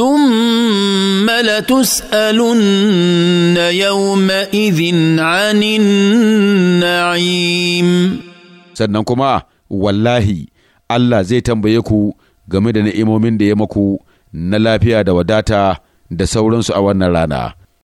ثم لتسالن يومئذ عن النعيم sannan kuma wallahi Allah zai tambaye ku game da ni'imomin da ya maku na lafiya da wadata da sauransu a wannan rana